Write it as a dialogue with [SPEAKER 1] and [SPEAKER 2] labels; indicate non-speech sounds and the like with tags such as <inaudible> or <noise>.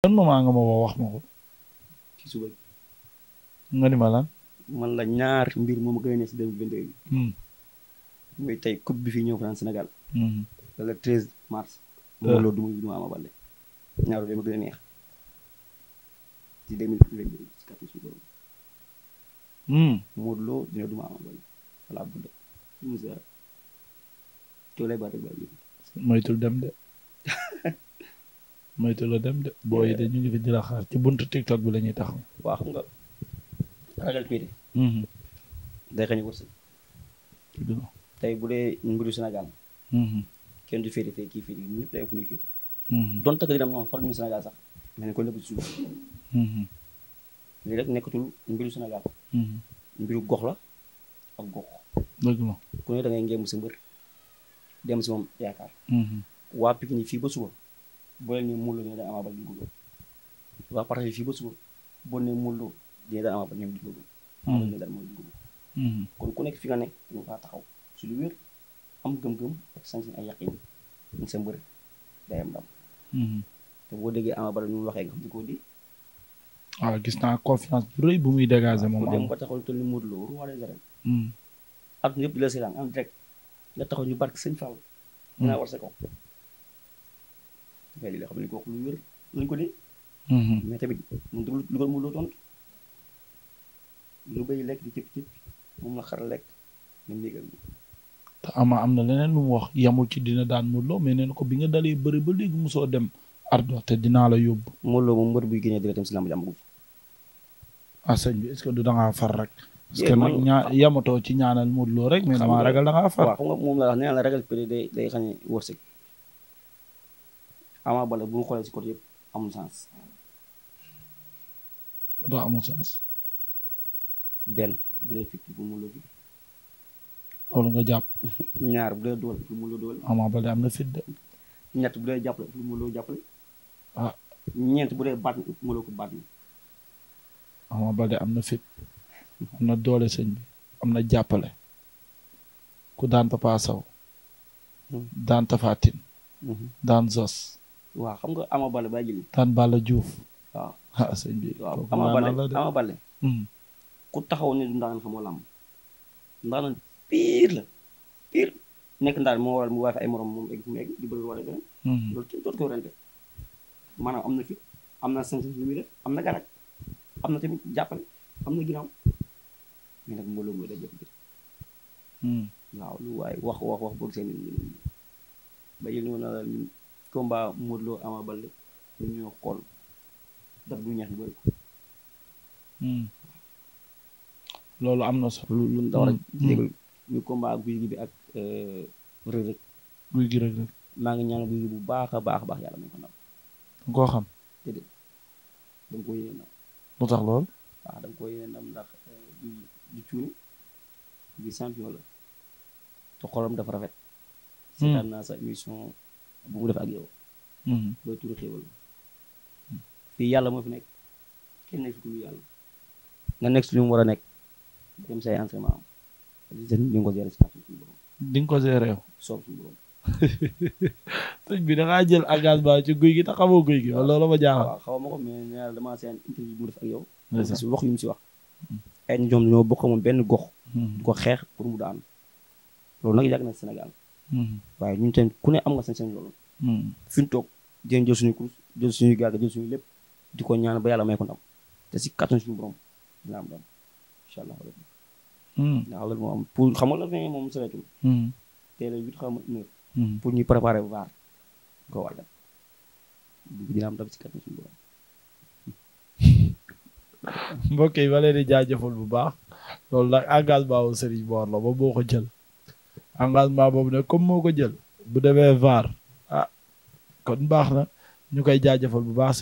[SPEAKER 1] benn moment nga ma wax ma ko. ci suba bi. nga ni ma lan.
[SPEAKER 2] man ñaar mbir moom gën a nekk si bi. mooy tey coupe bi fi ñëw France Sénégal. Hmm. mars. moom ah. loolu du muy du ma ñaar hmm. wala Abdoulaye. Moussa
[SPEAKER 1] mooy tul dem de. moytu la dem de booy de ñu ngi fi di la xaar ci buntu TikTok bi la ñuy taxaw.
[SPEAKER 2] waaw xam nga ragal tuuti. Mm-hmm. day xañ wërsëg. tey bu dee mbiru Sénégal. Mm-hmm. kenn du féete fee kii féete ñun ñëpp day am fu ñuy féete. Mm-hmm. donte que dina am ñoom Sénégal sax mais nañ ko nëbb ci suuf. lii rek nekkatul mbiru Sénégal. mbiru gox la ak gox. dëgg la ku ne da ngay si mbër dem si moom yaakaar. waa Pikine fii ba suba. boo leen ne Modou Lô dina daan Ama Baldé duñ ko ba suba boo ne ko hmm. hmm. ku nekk fi nga nekk duñ taxaw su lu wér am gëm-gëm ak sañ-sañ ay yaqin ñu hmm. boo déggee Ama Baldé ñu waxee nga xam di ko di
[SPEAKER 1] waaw ah, gis naa confiance bu rëy bu muy dégager moom dem ba
[SPEAKER 2] taxaw toll ni Modou Lô roi ñëpp di la en direct nga taxaw ñu barke sëñ Fall dinaa war sa kaw mais li la xam ne ko wax lu wér lañ ko dee. Mm-hmm. mais tamit mënut bay lekk di cëpp lekk ni néegal
[SPEAKER 1] te ama am na leneen lu mu wax yamul ci dina daan Modou Lo mais nee ko bi nga dalee bëri ba léegi mosoo dem. ardo te dinaa la yóbbu. Modou
[SPEAKER 2] Lo moom mbër buy génnee dina dem si lamb jàmm
[SPEAKER 1] ah sëñ bi est-ce que du da far rek. parce que nag ñaa yamatoo ci ñaanal Modou Lo rek. mais damaa ragal da ngaa far. waaw
[SPEAKER 2] xam Ama Baldé bu ñu xoolee si benn bu dee fit <laughs> am na fit de. ñett bu dee jàppale lu ah. bu dee baat na mu
[SPEAKER 1] la am na fit am na doole sëñ bi am na jàppale. ku daan Papa hmm. daan Tapha hmm. daan Zos.
[SPEAKER 2] waaw xam nga Ama Baldé ba jëli.
[SPEAKER 1] daan Balla Diouf. waaw <laughs> ah, waaw Ama Baldé Ama Baldé. Hmm.
[SPEAKER 2] ku taxaw ne du ndaanan xamoo làmb ndaanan pire la pire nekk ndaan moo waral mu waay fa ay morom moom egg fu mu di bëgg wala hmm. am na fi am na sañ am na garag am tamit jàppale am na ginnaaw mais nag mbooloo mooy day jafe-jafe. Hmm. waaw lu waay wax wax wax bëgg seen ba yéen a mën a combat Modou Lo Ama a ñu ñoo xool daf du ñax ñu bëri ko.
[SPEAKER 1] Hmm. loolu na solo. lu lu
[SPEAKER 2] war a guy gi bi ak euh, Reug Reug. maa ngi ñaan guy gi bu baax a baax a baax yàlla nañu ko ndam. nga koo xam. déedéet da nga koo yéene koo yéene ndam ndax du euh, du cuune du champion la te xolam dafa rafet. Hmm. seetaan naa sa émission. bu mu def ak yow. Hmm. mooy turu xéewal hmm. fii yàlla moo fi nekk kenn nekk ku yàlla nga nekk si lu mu war a nekk dem say entraînement am ko gérer
[SPEAKER 1] di ko gérer yow.
[SPEAKER 2] <laughs>
[SPEAKER 1] bi da ngaa jël engagement ci guy gi te xamoo guy gi. waaw loolu ma jaaxal. waaw
[SPEAKER 2] xaw ma ko mais nee naa damaa seen interview bu mu def ak yow. si wax yu mu si wax. Hmm. ay ñoom ñoo bokk moom benn gox. di ko xeex pour mu daan loolu nag yàgg na Sénégal. waaye ku ne am nga seen seen loolu. Hmm. fi ñu toog dinañ jël suñu course jël suñu lépp di ko ñaan ba yàlla may ko ndam te si kattan suñu borom dina am ndam hmm. hmm. pour ñu préparer bu vaar si kattan suñu borom <laughs> mbokk yi ma leen di jaajëfal bu baax
[SPEAKER 1] loolu nag engagement wu Serigne Mor la ba moo ko jël engagement boobu nag comme moo ko jël bu demee VAR kon baax na ñu koy jaajëfal bu baax